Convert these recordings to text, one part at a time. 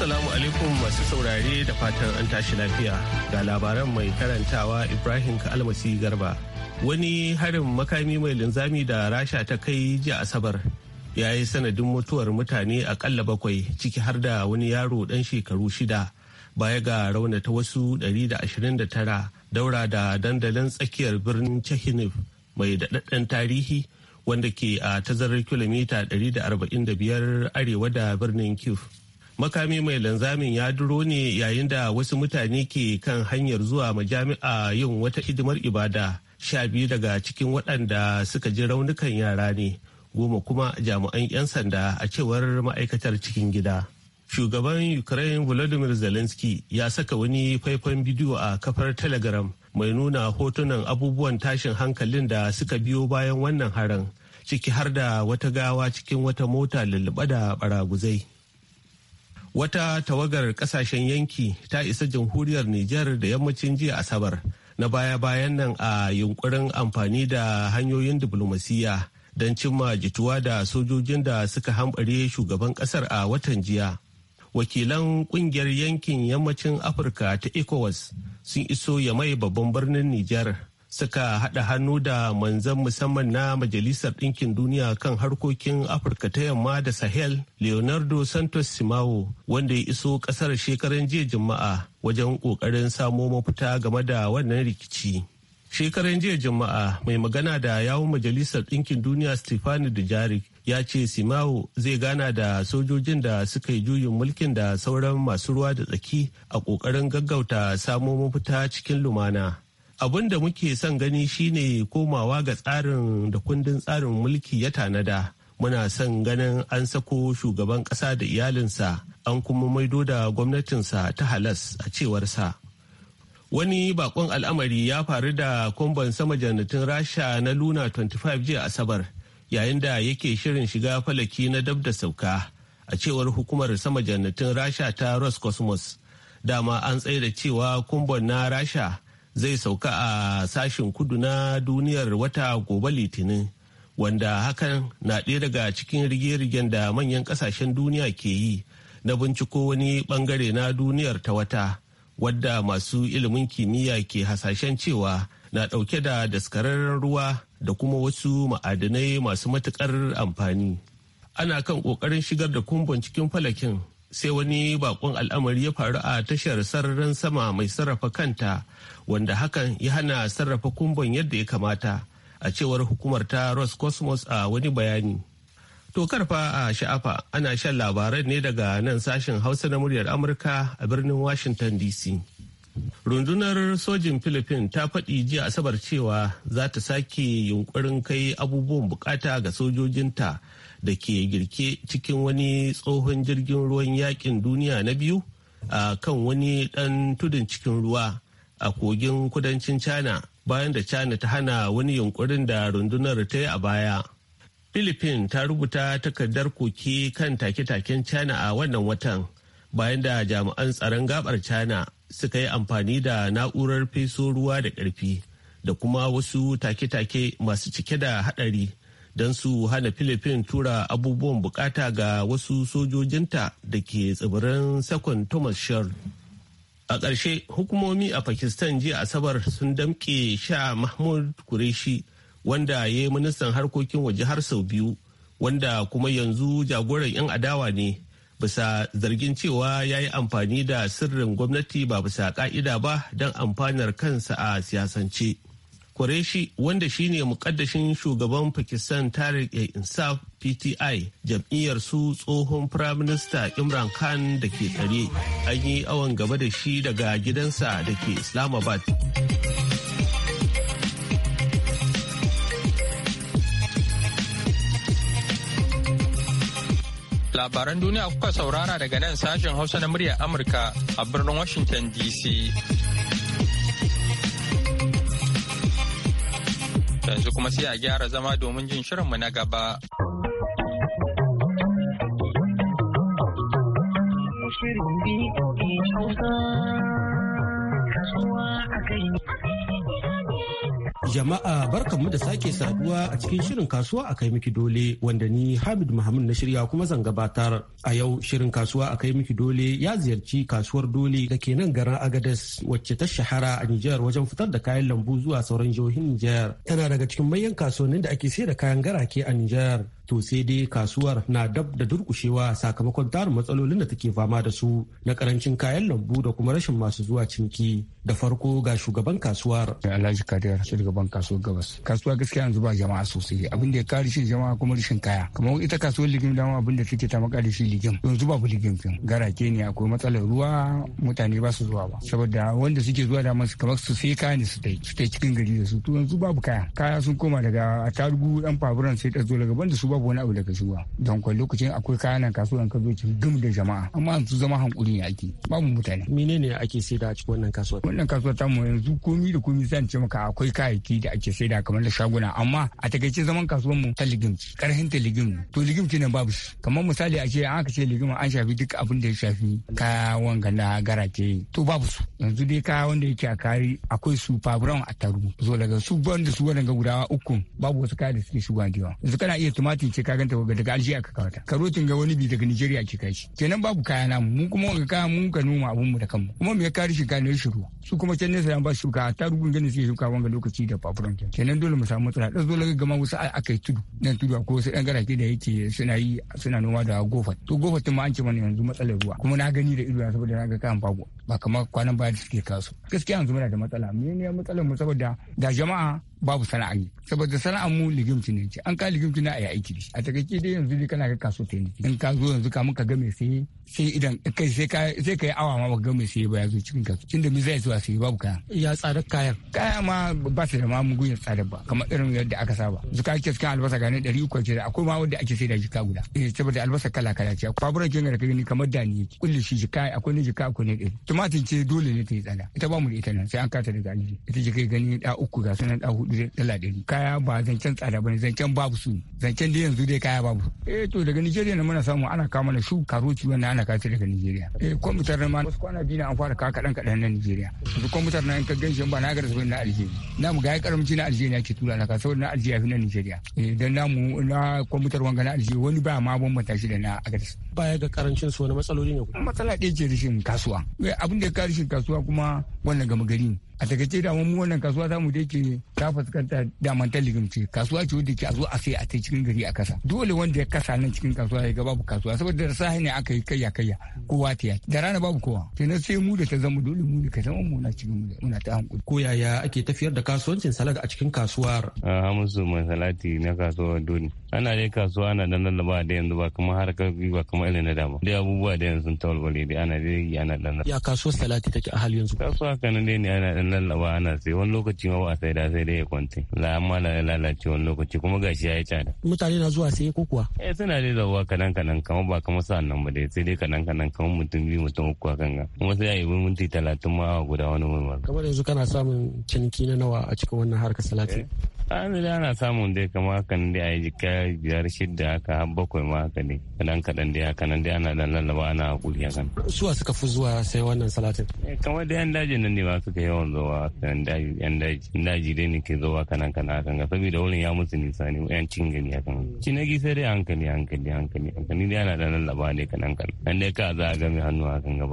Assalamu alaikum masu saurare da fatan an tashi lafiya ga labaran mai karantawa Ibrahim Kalmasi Garba. Wani harin makami mai linzami da rasha ta kai jiya Asabar ya yi sanadin mutuwar mutane akalla bakwai ciki har da wani yaro dan shekaru shida baya ga raunata wasu 129 daura da dandalin tsakiyar birnin Chekhinev mai daɗaɗɗen tarihi wanda ke a tazarar kilomita 145 arewa da birnin Kyiv. makami mai linzamin ya duro ne yayin da wasu mutane ke kan hanyar zuwa majami'a yin wata idimar ibada sha biyu daga cikin waɗanda suka ji raunukan yara ne goma kuma jami'an 'yan sanda a cewar ma'aikatar cikin gida shugaban ukraine volodymyr zelensky ya saka wani faifan bidiyo a kafar telegram mai nuna hotunan abubuwan tashin hankalin da suka biyo bayan wannan harin ciki har da wata gawa cikin wata mota lullube da baraguzai wata tawagar kasashen yanki ta isa jamhuriyar Nijar da yammacin jiya Asabar na baya-bayan nan a yunkurin amfani da hanyoyin diflomasiyya don cimma jituwa da sojojin da suka hambare shugaban kasar a watan jiya. Wakilan kungiyar yankin yammacin Afirka ta ECOWAS sun iso ya mai babban birnin Nijar suka haɗa hannu da manzan musamman na Majalisar Ɗinkin Duniya kan harkokin Afirka ta yamma da Sahel, Leonardo Santos Simao, wanda ya iso ƙasar shekaran jiya Juma'a wajen ƙoƙarin samo mafita game da wannan rikici. shekaran jiya juma'a mai magana da yawun majalisar ɗinkin duniya stefani dujarik ya ce simao zai gana da sojojin da suka yi juyin mulkin da sauran masu ruwa da tsaki a ƙoƙarin gaggauta samo mafita cikin lumana abin da muke son gani shine komawa ga tsarin da kundin tsarin mulki ya tanada muna son ganin an sako shugaban ƙasa da iyalinsa an kuma maido da gwamnatinsa ta halas a cewarsa wani bakon al'amari ya faru da kumban sama janatin rasha na luna 25 jiya asabar yayin da yake shirin shiga falaki na dab da sauka a cewar hukumar sama janatin rasha ta roscosmos dama an tsaye da cewa kumban na rasha zai sauka a sashen kudu na duniyar wata gobe litinin wanda hakan na ɗaya daga cikin rige-rigen da manyan ƙasashen duniya ke yi na binciko wani bangare na duniyar ta wata wadda masu ilimin kimiyya ke hasashen cewa na ɗauke da daskararren ruwa da kuma wasu ma'adanai masu matuƙar amfani ana kan ƙoƙarin shigar da kumbon cikin falakin sai wani bakon al'amari ya faru a tashar sararin sama mai sarrafa kanta wanda hakan ya hana sarrafa kumbon yadda ya kamata a cewar hukumar ta roscosmos a wani bayani to karfa a sha'afa ana shan labaran ne daga nan sashen hausa na muryar amurka a birnin washington dc rundunar sojin philippines ta faɗi jiya asabar cewa za ta sake yunkurin kai abubuwan bukata ga sojojinta da ke girke cikin wani tsohon jirgin ruwan yakin duniya na biyu a kan wani ɗan tudun cikin ruwa a kogin kudancin china bayan da china ta hana wani yunkurin da rundunar ta yi a baya philippines ta rubuta takardar koke kan take-taken china a wannan watan bayan da jami'an tsaron gabar china suka yi amfani da na'urar feso ruwa da ƙarfi da kuma wasu take-take masu cike da haɗari don su hana Filipin tura abubuwan bukata ga wasu sojojinta da ke tsibirin Second thomas shore A ƙarshe hukumomi a Pakistan jiya Asabar sun damƙe sha Mahmud Kureshi wanda ya yi ministan harkokin waje har sau biyu wanda kuma yanzu jagoran 'yan adawa ne bisa zargin cewa ya yi amfani da sirrin gwamnati ba bisa ka'ida ba don amfanar kansa a siyasance. Qureshi wanda shine mukaddashin shugaban Pakistan Tariq e Insaf PTI jam'iyyar su tsohon minister Imran Khan da ke tsare an yi awon gaba da shi daga gidansa da ke Islamabad. Labaran duniya kuka saurara daga nan sashen Hausa na muryar Amurka a birnin Washington DC. Yanzu kuma sai a gyara zama domin jin shirinmu na gaba. Shirin BOA Hausa, kasuwa a kai. Jama'a barkanmu da sake saduwa a cikin shirin kasuwa a kai miki dole wanda ni Hamid Muhammad na shirya kuma zan gabatar. A yau shirin kasuwa a kai miki dole ya ziyarci kasuwar dole da ke nan garin Agades wacce ta shahara a Nijar wajen fitar da kayan lambu zuwa sauran jihohin Nijar. Tana daga cikin manyan kasuwannin da ake sayar da kayan garake a Nijar. to sai dai kasuwar na dab da durkushewa sakamakon tarin matsalolin da take fama da su na karancin kayan lambu da kuma rashin masu zuwa ciniki da farko ga shugaban kasuwar alhaji kadir shugaban kasuwar gabas kasuwa gaskiya yanzu ba jama'a sosai abin da ya kare shi jama'a kuma rashin kaya kamar ita kasuwar ligim dama abin da take ta da shi ligim yanzu babu ligim fim garake ne akwai matsalar ruwa mutane ba su zuwa ba saboda wanda suke zuwa da masu kamar su sai kaya ne su tai su tai cikin gari da su to yanzu babu kaya kaya sun koma daga tarugu dan faburan sai ta zo daga banda su ba babu wani abu daga shigowa don kwa lokacin akwai kayan kasuwan ka zo cikin gum da jama'a amma yanzu zama hankuri ne ake babu mutane menene ake saida a cikin wannan kasuwa wannan kasuwa ta mu yanzu komi da komi zan ce maka akwai kayayyaki da ake saida kamar da shaguna amma a takaice zaman kasuwar mu ta ligim karhin ta ligim to ligim ne babu shi kamar misali a ce an aka ce ligim an shafi duk abin da ya shafi kayan ganda ke to babu su yanzu dai kaya wanda yake a kari akwai su fabron a taru zo daga su da su wadanga guda uku babu wasu kaya da suke shigowa da yawa yanzu kana iya tumatir tumatir ce ka ganta ga daga Algeria ka kawata karotin ga wani bi daga Nigeria ke kai shi kenan babu kaya namu mu kuma ga kaya mun ka noma abun mu da kanmu kuma me ya kare shi ne shiru su kuma can nesa basu ba shuka ta rugun gani suke shuka wanga lokaci da papuran kenan dole mu samu tsara da dole ga ma wasu akai tudu nan tudu ko wasu dan garake da yake suna yi suna noma da gofa to gofa tun ma an ce mana yanzu matsalar ruwa kuma na gani da ido saboda na ga kayan babu. ba kamar kwanan baya da suke kasu gaskiya yanzu muna da matsala yi matsalar mu saboda da jama'a babu sana'a ne saboda sana'a mu ligimci ne an ka ligimci na a yi aiki da shi a takaice dai yanzu dai kana ga kaso ta in ka zo yanzu kamun ka ga mai sai sai idan kai sai ka sai kai awa ma baka ga mai sai ba ya zo cikin kasu tun da mi zai zuwa sai babu kaya. ya tsada kayan kaya ma ba su da ma mu mugun tsada ba kamar irin yadda aka saba zuka ake cikin albasa gane 300 ce da akwai ma wanda ake sai da jika guda eh saboda albasa kala kala ce akwai faburan kin da kai kamar dani ni kullu shi jika akwai ne jika akwai ne ɗari tumatir ce dole ne ta yi tsada ita ba mu da ita nan sai an kata daga aljihu ita jika gani da uku ga sunan da hudu da dala ɗari kaya ba zancen tsada ba ne zancen babu su zancen da yanzu dai kaya babu eh to daga Nigeria ne muna samu ana kama na shu karoti wannan ana kawo daga Nigeria. Eh kwamfutar na ma wasu kwana biyu na an fara kawo kaɗan kaɗan na Nigeria. Yanzu kwamfutar na in ka gan shi ba na ga na Algeria. Na mu ga ya karamci na Algeria ke tura na ka saboda na Algeria fi na Nigeria. Eh dan namu na kwamfutar wanga na Algeria wani ba ma bambanta matashi da na ba Baya ga karancin su wani matsaloli ne. Matsala ɗaya ce rashin kasuwa. Eh, abin da ya kawo rashin kasuwa kuma wannan gama gari a takaice da mu wannan kasuwa za mu da ta fuskanta daman ta ligimce kasuwa ce wadda ke a zo a sai a ta cikin gari a kasa dole wanda ya kasa nan cikin kasuwa ya ga babu kasuwa saboda da sahi ne aka yi kayya kayya kowa ta yaki da rana babu kowa na sai mu da ta zama dole mu ne ka zama mu na cikin mu na ta hankali ko yaya ake tafiyar da kasuwancin salak a cikin kasuwar a ah, musu Salati na kasuwar doni. ana ne kasuwa ana nan da ba da yanzu ba kuma harkar ba kuma irin na dama dai abubuwa da yanzu sun tawalwale dai ana dai ana dan ya kasuwar salati take a hal yanzu kasuwa kana dai ne ana dan ba ana sai wani lokaci ma ba sai da sai dai ya kwante la amma la lalace wani lokaci kuma gashi ya yi tsada mutane na zuwa sai ko kuwa eh suna dai zuwa kanan kanan kamar ba kamar sa nan ba dai sai dai kanan kanan kamar mutum biyu mutum uku a kanga kuma sai a yi minti talatin ma guda wani wani kamar yanzu kana samun ciniki na nawa a cikin wannan harkar salati eh, an da ana samun dai kama ne dai a yi jika biyar shidda haka bakwai ma haka ne kadan kadan dai haka nan dai ana dan lallaba ana hakuri hakan. suwa suka fi zuwa sai wannan salatin. Eh, kamar da yan daji nan ne ma suka yawan zuwa yan daji dai ne ke zuwa kanan kana hakan ga saboda wurin ya musu nisa ne yan cin gani hakan. cinagi sai dai hankali hankali hankali hankali dai ana dan lallaba ne kanan kanan dan dai ka za a game hannu haka ga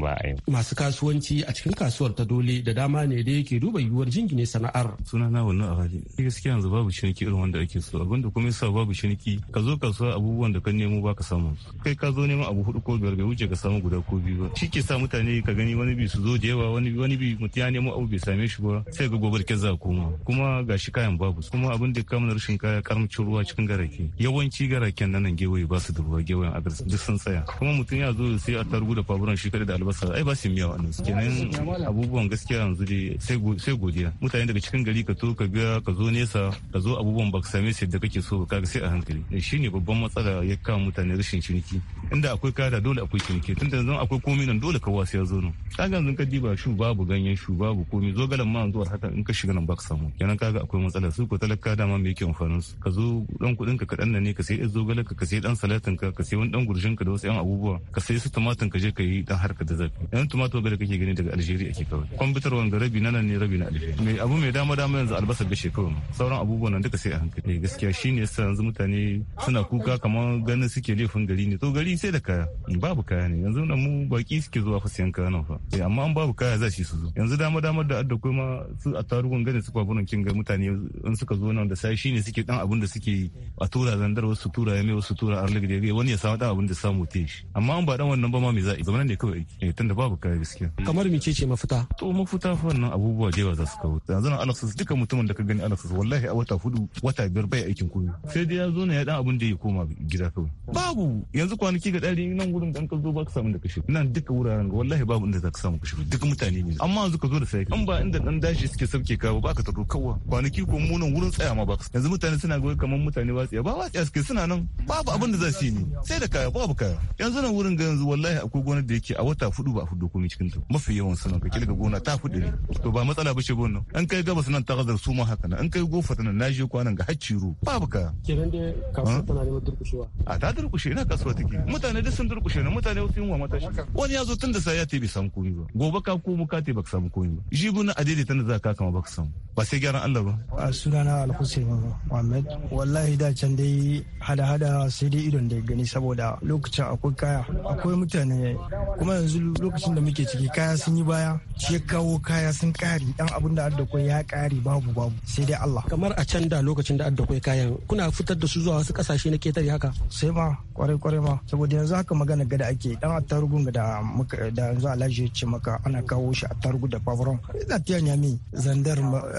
ba a yi. masu kasuwanci a cikin kasuwar ta dole da dama ne dai ke duba yiwuwar jingine sana'ar. sunana wannan a gaskiya yanzu babu ciniki irin wanda ake so abinda kuma yasa babu ciniki ka zo kasuwa abubuwan da ka nemo ba ka samu kai ka zo neman abu hudu ko biyar bai wuce ka samu guda ko biyu ba shi ke sa mutane ka gani wani bi su zo da yawa wani wani bi mutum ya nemo abu bai same shi ba sai ga gobar za koma kuma ga shi kayan babu kuma abin da kamar rashin kaya karamcin ruwa cikin garake yawanci garaken nan nan gewaye ba su da ruwa gewayen agas duk sun tsaya kuma mutum ya zo sai a tarugu da faburan shi kada da albasa ai ba su miya wannan kenan abubuwan gaskiya yanzu dai sai godiya mutane daga cikin gari ka to ka ga ka zo zo nesa ka zo abubuwan ba ka same su yadda kake so kaga sai a hankali eh, shi ne babban matsala ya kawo mutane rashin ciniki inda akwai kada dole akwai ciniki tun da zan akwai komi nan dole ka wasu ya zo nan ga zan ka diba shu babu ganyen shu babu komi zo galan ma zuwa haka in ka shiga nan ba ka samu kenan kaga akwai matsala su ko talaka dama me yake amfanin su ka zo dan kudin ka kadan ne ka sai zo galan ka sai dan salatin ka ka sai wani dan gurjin ka da wasu yan abubuwa ka sai su tumatin ka je ka yi dan harka da zafi yan ga da kake gani daga Algeria ake kawai kwamfutar wanga rabi na nan ne rabi na Algeria mai abu mai dama dama yanzu albasa bishe shekaru to sauran abubuwan nan duka sai a hankali eh, gaskiya shine yasa yanzu mutane suna kuka kamar ganin suke laifin gari ne to gari sai da kaya babu kaya ne yanzu nan mu baki suke zuwa fa siyan kaya nan fa eh, amma an babu kaya za shi su zo yanzu dama dama da adda kuma su a tarugun ganin su kwabunan kin ga mutane in suka zo nan da sai shine suke dan abin da suke a tura zandar wasu tura yame wasu tura arlig da wani ya samu dan abin da samu te shi amma an ba dan wannan ba ma me za a zaman ne kawai eh tunda babu kaya gaskiya kamar me ce mafita to mafita fa wannan abubuwa jewa za su kawo yanzu nan alasu duka mutumin da ka gani rasa su wallahi a wata hudu wata biyar bai aikin kunu sai dai ya zo ne ya dan abin da ya koma gida kawai babu yanzu kwanaki ga ɗari nan gurin dan ka zo ba ka samu da kashe nan duka wuraren ga wallahi babu inda za ka samu kashe duk mutane ne amma yanzu ka zo da sai An ba inda dan dashi suke sauke kawo ba ka taro kawwa kwanaki ko munan wurin tsaya ma ba yanzu mutane suna ga kamar mutane watsiya ba watsiya suke suna nan babu abin da za su yi ne sai da kaya babu kaya yanzu nan wurin ga yanzu wallahi akwai gonar da yake a wata hudu ba hudu komai cikin ta mafi yawan sanan ka kilga gona ta hudu ne to ba matsala ba ce gona an kai gabas nan ta gazar su ma haka nan in kai gofa tana na je kwanan ga hacciro babu ka kenan dai kasuwa tana neman durkushewa a ta durkushe ina kasuwa take mutane duk sun durkushe ne mutane wasu yunwa mata shi wani ya zo tun da sai ya tebe samu komi ba gobe ka mu ka tebe samu komi ba jibi na adaidaita tana za ka kama baka samu ba sai gyaran Allah ba a sunana alhussein muhammad wallahi da can dai hada-hada sai dai idon da gani saboda lokacin akwai kaya akwai mutane kuma yanzu lokacin da muke ciki kaya sun yi baya ce kawo kaya sun kari dan abin da adda ya kari babu babu sai dai Allah kamar a can da lokacin da adda kai kayan kuna fitar da su zuwa wasu kasashe na ketare haka sai ma kwarai kwarai ma saboda yanzu haka magana gada ake dan attarugun da muka da yanzu Alhaji ya ce maka ana kawo shi attarugu da pavron ina tiyan yami zandar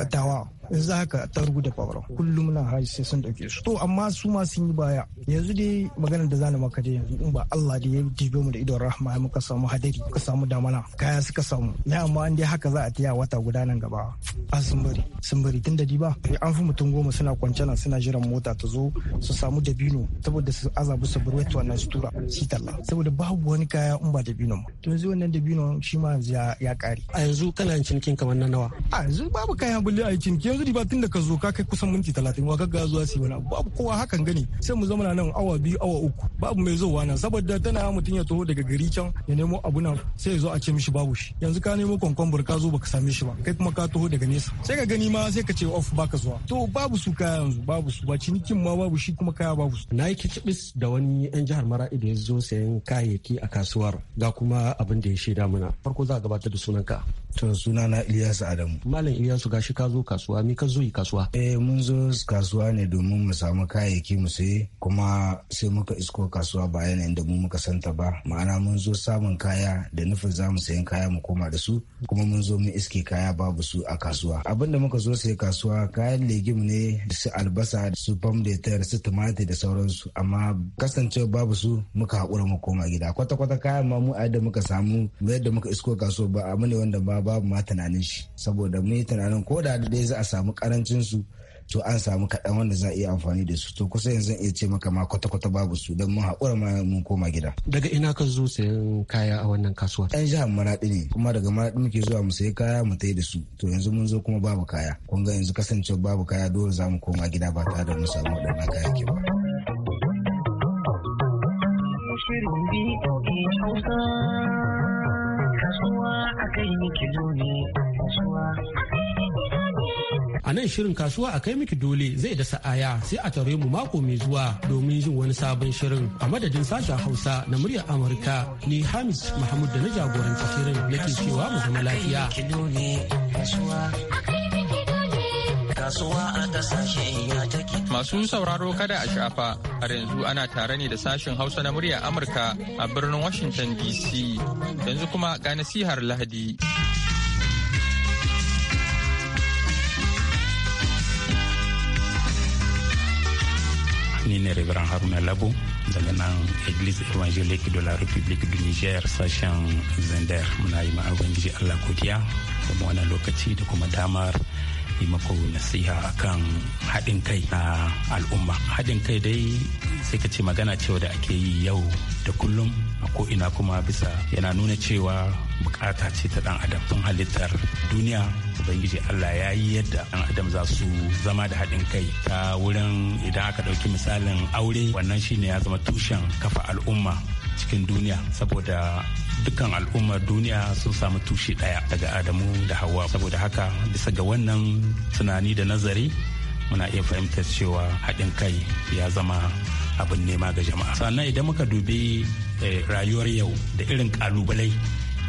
tawa za ka taru da fawara kullum na haji sai sun dauke su to amma su ma sun yi baya yanzu dai maganar da zani maka dai yanzu in ba Allah da ya dibe mu da idon rahma ya muka samu hadari muka samu damana kaya suka samu na amma an dai haka za a tiya wata guda nan gaba a sumbari sumbari tun da diba eh, an fi mutum goma suna kwance nan suna jiran mota ta zo su samu dabino saboda su azabu su burwai wannan sutura shi talla saboda babu wani kaya in ba dabino ma to yanzu wannan dabino shi ma ya kare a yanzu kana cinikin kamar na nawa a yanzu babu kaya bulle a cinikin yanzu riba tun da ka zo ka kai kusan minti talatin wa gaggawa zuwa su wani babu kowa hakan gani sai mu zama nan awa biyu awa uku babu mai zowa na saboda tana mutum ya taho daga gari can ya nemo abu nan sai ya zo a ce mishi babu shi yanzu ka nemo kwankwambur ka zo baka same shi ba kai kuma ka taho daga nesa sai ka gani ma sai ka ce off baka zuwa to babu su kaya yanzu babu su ba cinikin ma babu shi kuma kaya babu su na yi kicibis da wani yan jihar marai da ya zo sayan kayayyaki a kasuwar ga kuma abin da ya shaida mana farko za a gabatar da sunanka To suna na Ilyasu Adamu. Malam Ilyasu gashi ka zo kasuwa me ka zo yi kasuwa? Eh mun zo kasuwa ne domin mu samu kayayyaki mu sai kuma sai muka isko kasuwa ba yanayin da mu muka santa ba ma'ana mun zo samun kaya da nufin za mu sayan kaya mu koma da su kuma mun zo mun iske kaya babu su a kasuwa. Abin da muka zo sai kasuwa kayan legim ne su albasa da su fam da su tumatir da sauransu amma kasancewa babu su muka haƙura mu koma gida kwata-kwata kayan ma mu a yadda muka samu yadda muka isko kasuwa ba a mune wanda ba babu ma tunanin shi saboda mu tunanin ko da dai za a samu karancin su to an samu kaɗan wanda za a iya amfani da su to kusa yanzu iya ce maka ma kwata-kwata babu su don mun haƙura ma mun koma gida. Daga ina ka zo sayan kaya a wannan kasuwa? Ɗan jihar Maraɗi ne kuma daga Maraɗi muke zuwa mu sayi kaya mu tayi da su to yanzu mun zo kuma babu kaya kun ga yanzu kasancewa babu kaya dole za mu koma gida ba tare da mu samu waɗannan kaya ke ba. Shirin Kasuwa a kai miki dole. Kasuwa a nan shirin kasuwa a kai miki dole zai dasa aya sai a tare mu mako mai zuwa domin jin wani sabon shirin a madadin sashen Hausa na muryar Amurka ne Hamis Mahmud da na jagoranci shirin yake cewa mu zama lafiya. kasuwa a kasashe ya take. Masu sauraro kada a shafa har yanzu ana tare ne da sashen Hausa na murya Amurka a birnin Washington DC. Yanzu kuma ga nasihar Lahadi. Ni ne Haruna Labo daga nan Église évangélique de la République du Niger sashen Zender muna yi ma Ubangiji Allah godiya kuma wani lokaci da kuma damar yi mako nasiha akan haɗin kai na al'umma haɗin kai dai sai ka ce magana cewa da ake yi yau da kullum a ko'ina kuma bisa yana nuna cewa bukata ce ta ɗan adam tun halittar duniya ubangiji allah ya yi yadda ɗan adam za su zama da haɗin kai ta wurin idan aka ɗauki misalin aure wannan shine ya zama tushen kafa al'umma cikin duniya saboda dukkan al'ummar duniya sun samu tushe ɗaya daga adamu da hawa saboda haka bisa ga wannan tunani da nazari muna iya fahimtar cewa haɗin kai ya zama abin nema ga jama'a sannan idan muka dubi eh, rayuwar yau da irin ƙalubalai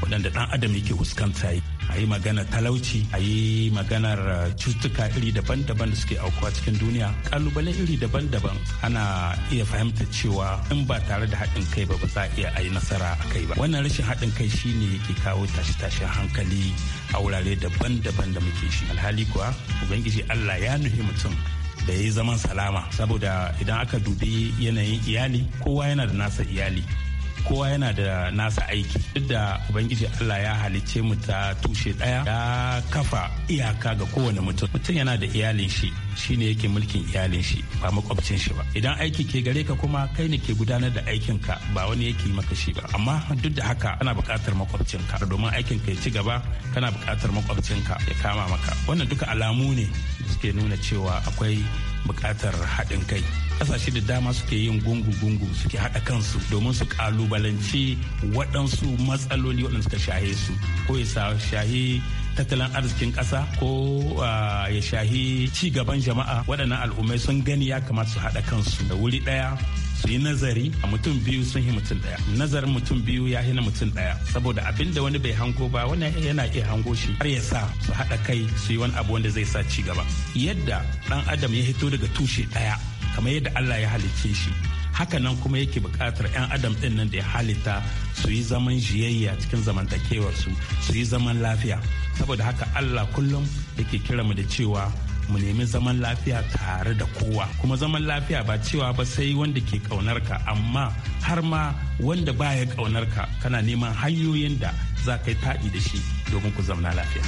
waɗanda ɗan adam yake fuskanta a yi magana talauci a yi maganar uh, cututtuka iri daban-daban da suke aukuwa cikin duniya kalubale iri daban-daban ana iya fahimta cewa in ba tare da haɗin kai ba ba za a iya a yi nasara a kai ba wannan rashin haɗin kai shine yake kawo tashe-tashen hankali a wurare daban-daban da muke shi alhali kuwa ubangiji allah ya nuhi mutum da ya yi zaman salama saboda idan aka dubi yanayin iyali kowa yana da nasa iyali kowa yana da nasa aiki duk da ubangiji allah ya halicce mu ta tushe daya ya kafa iyaka ga kowane mutum mutum yana da iyalin shi ne yake mulkin iyalin shi ba makwabcin shi ba idan aiki ke gare ka kuma kai ne ke gudanar da aikin ka ba wani yake maka shi ba amma duk da haka ana buƙatar makwabcin ka domin aikin ka ya ci gaba kana buƙatar makwabcin ka ya kama maka wannan duka alamu ne suke nuna cewa akwai bukatar haɗin kai ƙasashe da dama suke yin gungu-gungu suke haɗa kansu domin su ƙalubalance waɗansu matsaloli waɗanda suka shahe su ko ya shahe tattalin arzikin ƙasa ko ah, ya shahi ci gaban jama'a waɗannan al'ummai sun gani ya kamata su haɗa kansu da wuri ɗaya su yi nazari a mutum biyu sun yi mutum ɗaya nazarin mutum biyu ya hina mutum ɗaya saboda abin da wani bai hango ba wani yana iya hango shi har ya sa su haɗa kai su yi wani abu wanda zai sa ci gaba yadda ɗan adam ya hito daga tushe ɗaya kamar yadda allah ya halicce shi haka nan kuma yake bukatar 'yan adam ɗin nan da ya halitta su yi zaman jiyayya cikin zamantakewarsu su yi zaman lafiya saboda haka allah kullum yake kira mu da cewa mu nemi zaman lafiya tare da kowa kuma zaman lafiya ba cewa ba sai wanda ke ƙaunar ka amma har ma wanda baya ƙaunar ka kana neman hanyoyin da za ka yi taɗi da shi domin ku zauna lafiya.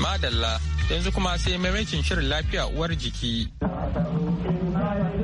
Madalla yanzu kuma sai maimakin shirin lafiya uwar jiki. فأوفي العين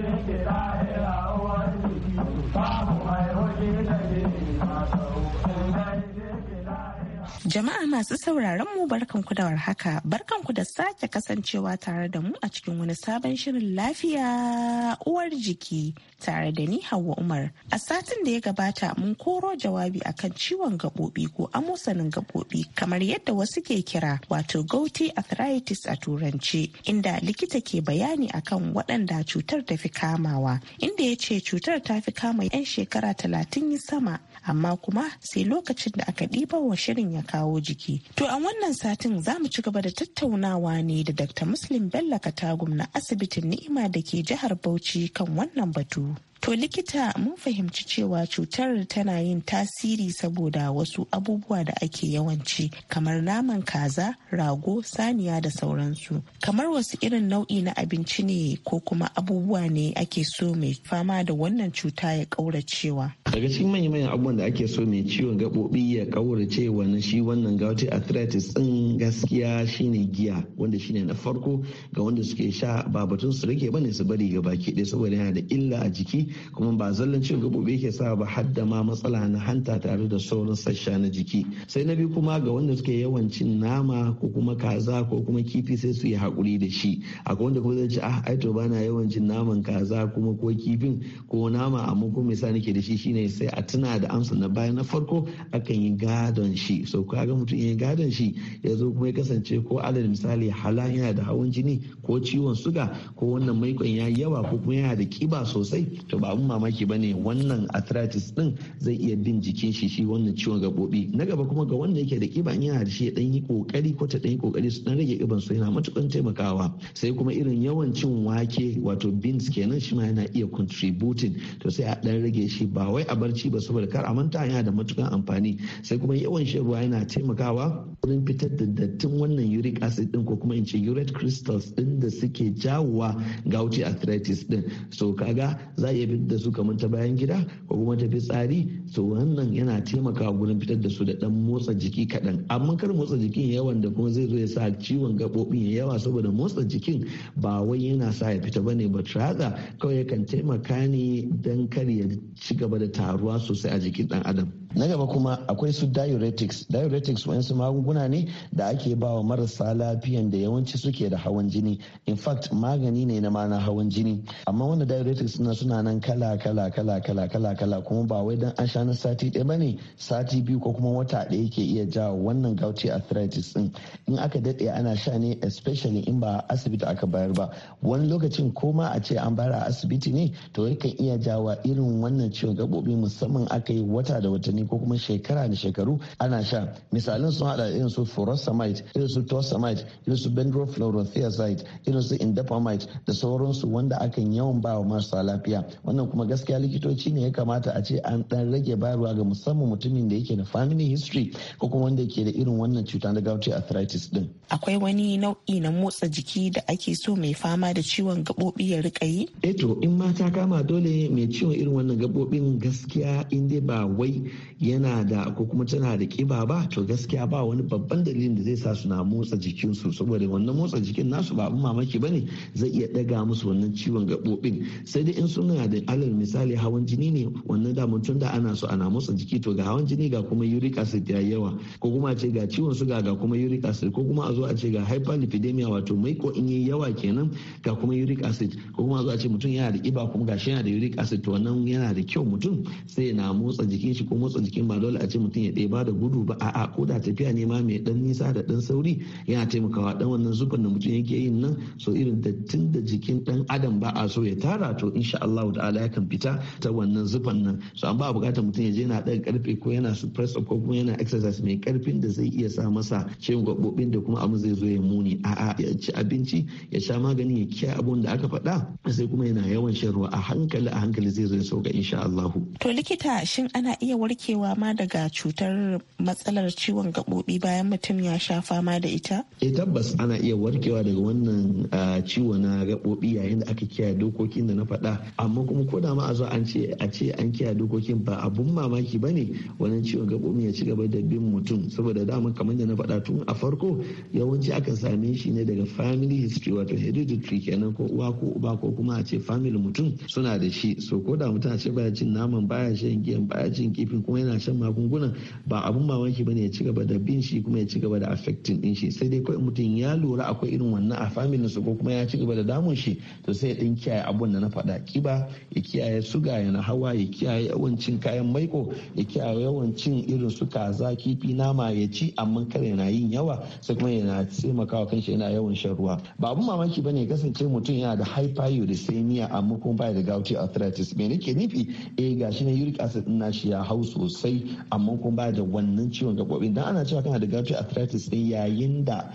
Jama'a masu sauraron mu barkan barkanku da warhaka, ku da sake kasancewa tare da mu a cikin wani sabon shirin lafiya uwar jiki tare da ni Hauwa Umar. A satin da ya gabata mun koro jawabi akan ciwon gaɓoɓi ko amosanin gaɓoɓi kamar yadda wasu ke kira wato gouty arthritis a turance inda likita ke bayani akan waɗanda cutar ta fi kamawa inda ya ce cutar ta fi kama 'yan shekara talatin sama amma kuma sai lokacin da aka ɗibar wa shirin ya kawo jiki. To a wannan satin za mu ci gaba da tattaunawa ne da Dr. Muslim Bello Katagum na asibitin Ni'ima da ke jihar Bauchi kan wannan batu. To likita mun fahimci cewa cutar tana yin tasiri saboda wasu abubuwa da ake yawanci kamar naman kaza, rago, saniya da sauransu. Kamar wasu irin nau'i na abinci ne ko kuma abubuwa ne ake so mai fama da wannan cuta ya kauracewa. Daga cikin manyan manyan abubuwan da ake so mai ciwon gaɓoɓi ya kaurace na shi wannan gauti arthritis ɗin gaskiya shine giya wanda shine na farko ga wanda suke sha ba batun su rike bane su bari ga baki ɗaya saboda yana da illa a jiki kuma ba zallan cin gabobi yake sa ba har ma matsala na hanta tare da sauran sassa na jiki sai na biyu kuma ga wanda suke yawan cin nama ko kuma kaza ko kuma kifi sai su yi hakuri da shi akwai wanda kuma zai ce ah ai to bana yawan cin naman kaza kuma ko kifin ko nama amma ko me sa nake da shi shine sai a tuna da amsa na baya na farko akan yi gadon shi so kaga mutum yin gadon shi ya zo kuma ya kasance ko alal misali hala yana da hawan jini ko ciwon suga ko wannan maikon ya yawa ko kuma yana da kiba sosai to ba mun mamaki ba ne wannan arthritis din zai iya bin jikin shi shi wannan ciwon gabobi na gaba kuma ga wanda yake da kiba in yana da shi ya dan yi kokari ko ta dan yi kokari su dan rage kiban su yana matukan taimakawa sai kuma irin yawan cin wake wato beans kenan shi ma yana iya contributing to sai a dan rage shi ba wai a barci ba saboda kar a manta yana da matukan amfani sai kuma yawan shan ruwa yana taimakawa wurin fitar da dattin wannan uric acid din ko kuma in ce urate crystals din da suke jawowa gouty arthritis din so kaga za iya fitar da su kamar ta bayan gida ko kuma ta fitsari so wannan yana taimakawa gurin fitar da su da dan motsa jiki kaɗan amma kar motsa jikin yawan da kuma zai zo ya sa ciwon gaɓoɓin ya yawa saboda motsa jikin ba wai yana sa ya fita bane ba traza kawai yakan taimaka ne dan kar ya ci gaba da taruwa sosai a jikin ɗan adam. na gaba kuma akwai su diuretics diuretics wayansu magunguna ne da ake ba wa marasa lafiyan da yawanci suke da hawan jini in fact magani ne na mana hawan jini amma wanda diuretics suna suna nan kala kala kala kala kala kala kuma ba wai dan an sha na sati ɗaya bane sati biyu ko kuma wata ɗaya ke iya jawo wannan gauti arthritis din in aka daɗe ana sha ne especially in ba asibiti aka bayar ba wani lokacin ko ma a ce an bayar a asibiti ne to yakan iya jawo irin wannan ciwon gaɓoɓi musamman aka yi wata da watanni watanni ko kuma shekara da shekaru ana sha misalin sun hada irin su furosamide irin su tosamide irin su bendrofluorothiazide irin su indapamide da sauransu wanda akan yawan ba wa marasa lafiya wannan kuma gaskiya likitoci ne ya kamata a ce an dan rage bayarwa ga musamman mutumin da yake da family history ko kuma wanda yake da irin wannan cuta na gouty arthritis din akwai wani nau'i na motsa jiki da ake so mai fama da ciwon gabobi ya rika yi eto eh in ma ta kama dole mai ciwon irin wannan gabobin gaskiya in dai ba wai yana da ko kuma tana da kiba ba to gaskiya ba wani babban dalilin da zai sa su na motsa jikinsu saboda wannan motsa jikin nasu ba abin mamaki ne zai iya daga musu wannan ciwon gabobin sai dai in suna da alal misali hawan jini ne wannan da tun da ana so ana motsa jiki to ga hawan jini ga kuma uric acid ya yawa ko kuma a ce ga ciwon suga ga kuma uric acid ko kuma a zo a ce ga hyperlipidemia wato ko in yayi yawa kenan ga kuma uric acid ko kuma a zo a ce mutum yana da kiba kuma shi yana da uric acid to wannan yana da kyau mutum sai na motsa jikin shi ko motsa jikin ba dole a ce mutum ya ɗeba da gudu ba a'a ko da tafiya ne ma mai ɗan nisa da ɗan sauri yana taimakawa dan wannan zufan da mutum yake yin nan so irin dattin da jikin dan adam ba a so ya tara to insha Allah ta'ala yakan fita ta wannan zufan nan so an ba bukatar mutum ya je yana ɗan karfe ko yana press up ko kuma yana exercise mai karfin da zai iya sa masa ciwon gaɓoɓin da kuma abin zai zo ya muni a'a ya ci abinci ya sha magani ya kiyaye abun da aka faɗa sai kuma yana yawan shan ruwa a hankali a hankali zai zo ya sauka insha Allah to likita shin ana iya warkewa warkewa ma daga cutar matsalar ciwon gabobi bayan mutum ya sha fama da ita? E tabbas ana iya warkewa daga wannan ciwo na gaɓoɓi yayin da aka kiyaye dokokin da na faɗa. Amma kuma ko da ma a zo an ce a ce an kiyaye dokokin ba abun mamaki ba ne wannan ciwon gabobi ya ci gaba da bin mutum saboda dama kamar da na faɗa tun a farko yawanci aka same shi ne daga family history wato hereditary kenan ko uwa ko uba ko kuma a ce family mutum suna da shi so ko da mutum a ce baya cin naman baya shan giyan baya cin kifin kuma yana shan magungunan ba abun mamaki bane ya ci gaba da bin shi kuma ya ci gaba da affecting din shi sai dai kawai mutum ya lura akwai irin wannan a family su ko kuma ya ci gaba da damun shi to sai ya din kiyaye abun da na faɗa kiba ya kiyaye suga ya na hawa ya kiyaye yawancin kayan maiko ya kiyaye yawancin irin su kaza kifi nama ya ci amma kar yana yin yawa sai kuma yana taimakawa kanshi yana yawan shan ruwa ba abun mamaki bane kasance mutum yana da hyperuricemia amma kuma baya da gouty arthritis me nake nufi eh gashi na uric acid din shi ya hau sosai sosai amma kuma ba da wannan ciwon gaɓoɓi dan ana cewa kana da gastric arthritis din yayin da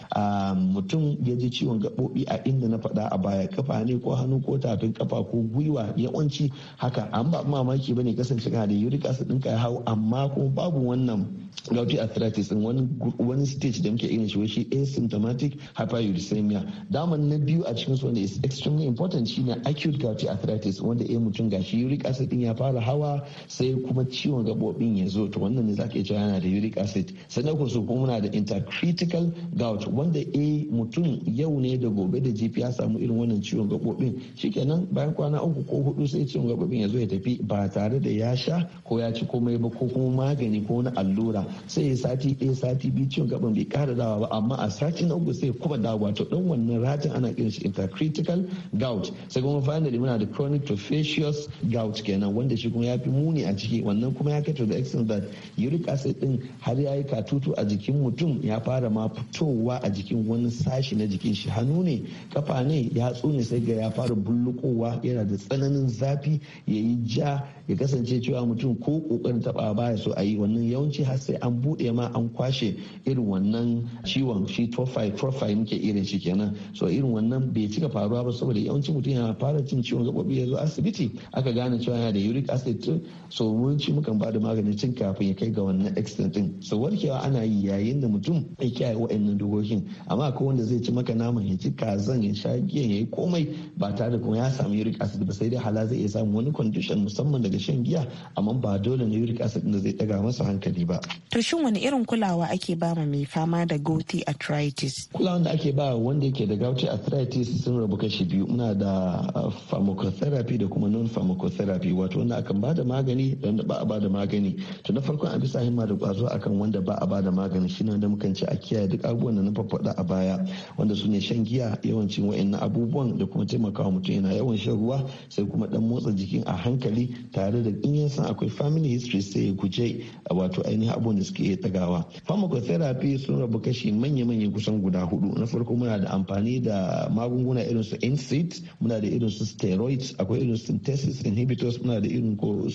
mutum ya ji ciwon gaɓoɓi a inda na faɗa a baya kafa ne ko hannu ko tafin kafa ko gwiwa yawanci haka an ba mamaki bane kasance kana da uric acid ɗinka ya hau amma kuma babu wannan gastric arthritis din wani wani stage da muke irin shi shi asymptomatic hyperuricemia daman na biyu a cikin su wanda is extremely important shine acute gastric arthritis wanda eh mutum gashi uric acid din ya fara hawa sai kuma ciwon gaɓoɓin jinin zo to wannan ne zaka iya cewa yana da uric acid sannan kuma su kuma muna da intercritical gout wanda a eh, mutum yau ne da gobe da jifi ya samu irin wannan ciwon gabobin shikenan bayan kwana uku ko hudu sai ciwon gabobin ya zo ya tafi ba tare da ya sha ko ya ci komai ba ko kuma magani ko na allura sai ya sati ɗaya sati biyu ciwon gaban bai kara dawa ba amma a sati na uku sai kuma dawa to dan wannan ratin ana kiran shi intercritical gout sai kuma finally muna da chronic facious gout kenan wanda shi kuma ya fi muni a ciki wannan kuma ya kai to the extent that uric acid din har ya yi katutu a jikin mutum ya fara ma fitowa a jikin wani sashi na jikin shi hannu ne kafa ne ya tsune sai ga ya fara bullukowa yana da tsananin zafi ya yi ja ya kasance cewa mutum ko kokarin taba baya so a yi wannan yawanci har sai an bude ma an kwashe irin wannan ciwon shi trophy trophy muke irin shi kenan so irin wannan bai cika faruwa ba saboda yawanci mutum yana fara cin ciwon gabobi ya zo asibiti aka gane cewa yana da uric acid so mun ci mukan ba da magani cin kafin ya kai ga wannan extent din so warkewa ana yi yayin da mutum ya kiyaye wa'annan dokokin amma ko wanda zai ci maka naman ya ci kazan ya sha giyan ya yi komai ba tare da kuma ya samu uric acid ba sai dai hala zai iya samu wani condition musamman daga shan giya amma ba dole ne uric acid da zai daga masa hankali ba to shin wani irin kulawa ake ba ma mai fama da gouty arthritis kulawa da ake ba wanda yake da gouty arthritis sun rabu kashi biyu muna da uh, pharmacotherapy da kuma non pharmacotherapy wato wanda akan ba da magani da ba a ba da magani to na farko a bisa himma da kwazo akan wanda ba a bada magani shine wanda mukan ce a kiyaye duk abubuwan da na faɗa a baya wanda su ne shan giya yawancin wa'annan abubuwan da kuma taimakawa mutum yana yawan shan ruwa sai kuma dan motsa jikin a hankali tare da in ya san akwai family history sai ya guje wato ainihin abubuwan da suke iya tagawa pharmacotherapy sun rabu kashi manya-manyan kusan guda hudu na farko muna da amfani da magunguna irin su NSAID muna da irin su steroids akwai irin synthesis inhibitors muna da irin ko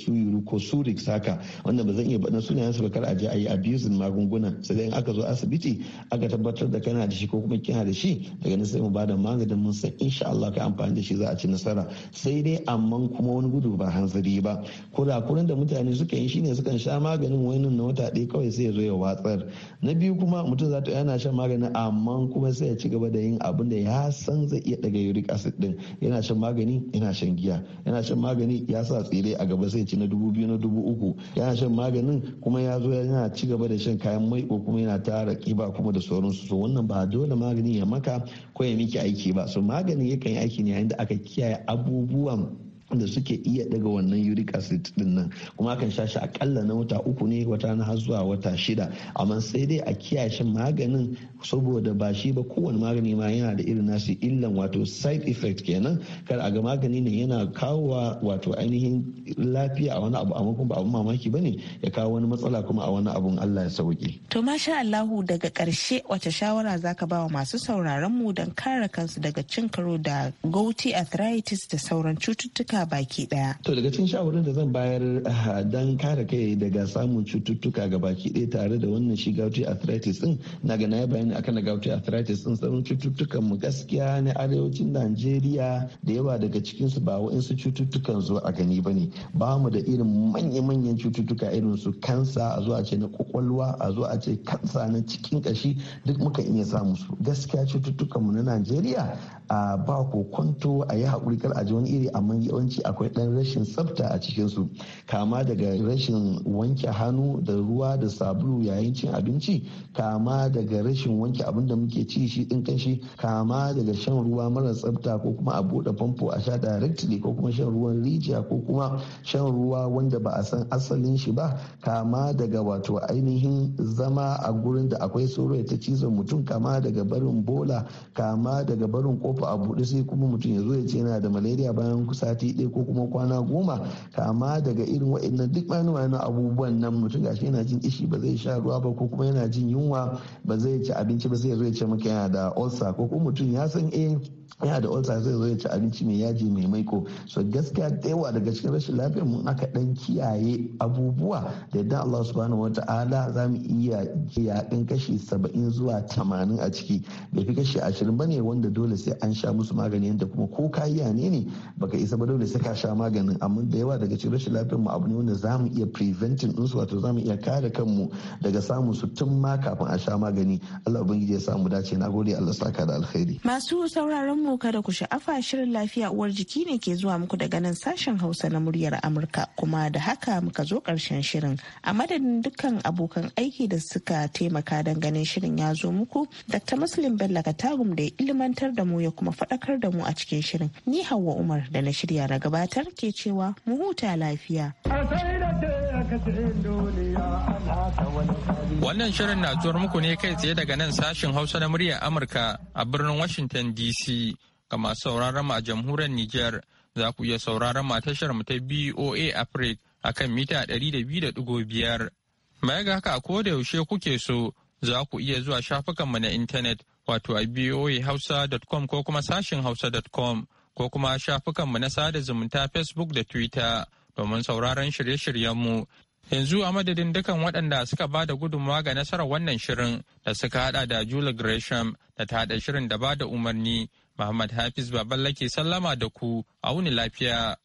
su saka wanda ba zan iya baɗin sunayen su kar a je a yi abusin magungunan sai in aka zo asibiti aka tabbatar da kana da shi ko kuma kina da shi daga nan sai mu bada maganin mun san insha Allah ka amfani da shi za a ci nasara sai dai amma kuma wani gudu ba hanzari ba kurakuran da mutane suka yi shine sukan sha maganin wani na wata ɗaya kawai sai ya zo ya watsar na biyu kuma mutum za ta yana shan magani amma kuma sai ya ci gaba da yin abin da ya san zai iya daga uric acid din yana shan magani yana shan giya yana shan magani ya sa tsire a gaba sai ci na dubu biyu na dubu uku yana shan maganin kuma ya zo yana ci gaba da shan kayan mai ko kuma yana tara kiba kuma da sauransu so wannan ba dole magani ya maka ko ya miki aiki ba su magani yakan yi aiki ne yayin da aka kiyaye abubuwan da suke iya daga wannan uric acid din nan kuma akan sha shi akalla na wata uku ne wata na har zuwa wata shida amma sai dai a kiyaye shi maganin saboda ba shi ba kowane magani ma yana da irin nasi illan wato side effect kenan kar a ga magani ne yana kawo wato ainihin lafiya a wani abu amma kuma ba abun mamaki bane ya kawo wani matsala kuma a wani abun Allah ya sauke to masha Allahu daga karshe wace shawara zaka ba wa masu sauraron mu don kare kansu daga cin karo da gouty arthritis da sauran cututtuka cuta baki daya. To daga cikin shawarar da zan bayar ah, don kare kai daga samun cututtuka ga baki daya tare da wannan shi gouty arthritis din na ga na bayani akan na gouty arthritis din sanin cututtukan mu gaskiya na arewacin Najeriya da yawa daga cikin su ba wa'insu cututtukan zuwa a gani bane ba mu da irin manya-manyan cututtuka irin su kansa a zuwa ce na kwakwalwa a zuwa ce kansa na cikin kashi duk muka iya samu su gaskiya cututtukan mu na Najeriya a ba kokonto a yi haƙuri kar a ji wani iri amma yawanci akwai ɗan rashin tsafta a cikinsu kama daga rashin wanke hannu da ruwa da sabulu yayin cin abinci kama daga rashin wanke abin da muke ci shi ɗin kanshi kama daga shan ruwa mara tsafta ko kuma a buɗe famfo a sha directly ko kuma shan ruwan rijiya ko kuma shan ruwa wanda ba a san asalin shi ba kama daga wato ainihin zama a gurin da akwai soro ta cizon mutum kama daga barin bola kama daga barin kofa a buɗe sai kuma mutum ya zo ya ce yana da malaria bayan sati ɗaya ko kuma kwana goma kama daga irin waɗannan duk bayan waɗannan abubuwan nan mutum gashi yana jin ishi ba zai sha ruwa ba ko kuma yana jin yunwa ba zai ci abinci ba sai ya zo ya ce maka yana da ulcer ko kuma mutum ya san eh yana da ulcer zai zo ya ci abinci mai yaji mai maiko so gaskiya da yawa daga cikin rashin lafiyar mu aka dan kiyaye abubuwa da yadda Allah subhanahu wata'ala za mu iya yaɗin kashi saba'in zuwa tamanin a ciki bai fi kashi ashirin bane wanda dole sai an an sha musu magani yadda kuma ko kayi ya ne ne baka isa ba dole sai ka sha maganin amma da yawa daga cikin rashin lafiyar mu abu ne wanda zamu mu iya preventing su wato zamu iya kare kanmu daga samun su tun ma kafin a sha magani Allah ubangiji ya samu dace na gode Allah saka da alkhairi masu sauraron mu kada ku sha'afa shirin lafiya uwar jiki ne ke zuwa muku daga nan sashen Hausa na muryar Amurka kuma da haka muka zo karshen shirin a madadin dukkan abokan aiki da suka taimaka don ganin shirin ya zo muku Dr. Muslim Bello Katagum da ya ilmantar da mu ya kuma faɗakar da mu a cikin shirin. Ni Hauwa Umar da na shirya na gabatar ke cewa mu huta lafiya. Wannan shirin na zuwar muku ne kai tsaye daga nan sashin Hausa na muryar Amurka a birnin Washington DC ga masu sauraron mu a jamhuriyar Niger. za ku iya sauraron mu a tashar mu ta BOA Africa a kan mita 200.5. mai ga haka ko da yaushe kuke so za ku iya zuwa shafukanmu na intanet wato a voahausa.com ko kuma sashin hausa.com ko kuma shafukanmu na sada zumunta Facebook da Twitter domin sauraron shirye-shiryenmu. Yanzu a madadin dukan waɗanda suka ba da gudunmawa ga nasarar wannan shirin da suka hada da Julie Gresham da ta haɗa shirin da ba da umarni, Muhammad Hafiz ke sallama da ku, a wuni lafiya.